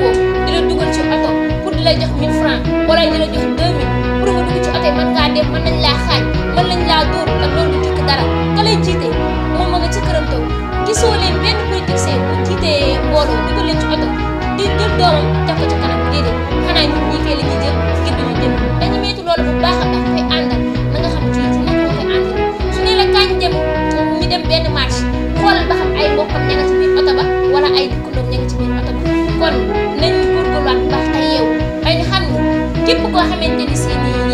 ko di la dugal ci oto pour di la jox 1000 francs wala di la jox 2000 pour nga dugg ci oto yi mën ngaa dem mën nañ laa xaaj mën nañ laa dóor te loolu du jukki dara ka lay jiite moom ma nga ci këram toog gisoo leen benn politicien bu jiitee mbooloo dugal leen ci oto di jël doomam def ko ci kanam déedéet xanaa ñun ñii kay la ñuy jël ngir duñu dem dañu métti loolu bu baax a baax koy àndal na nga xam ci ci naka koy àndal su ne la kañ dem ñu dem benn marche xoolal ba que programa ele seria?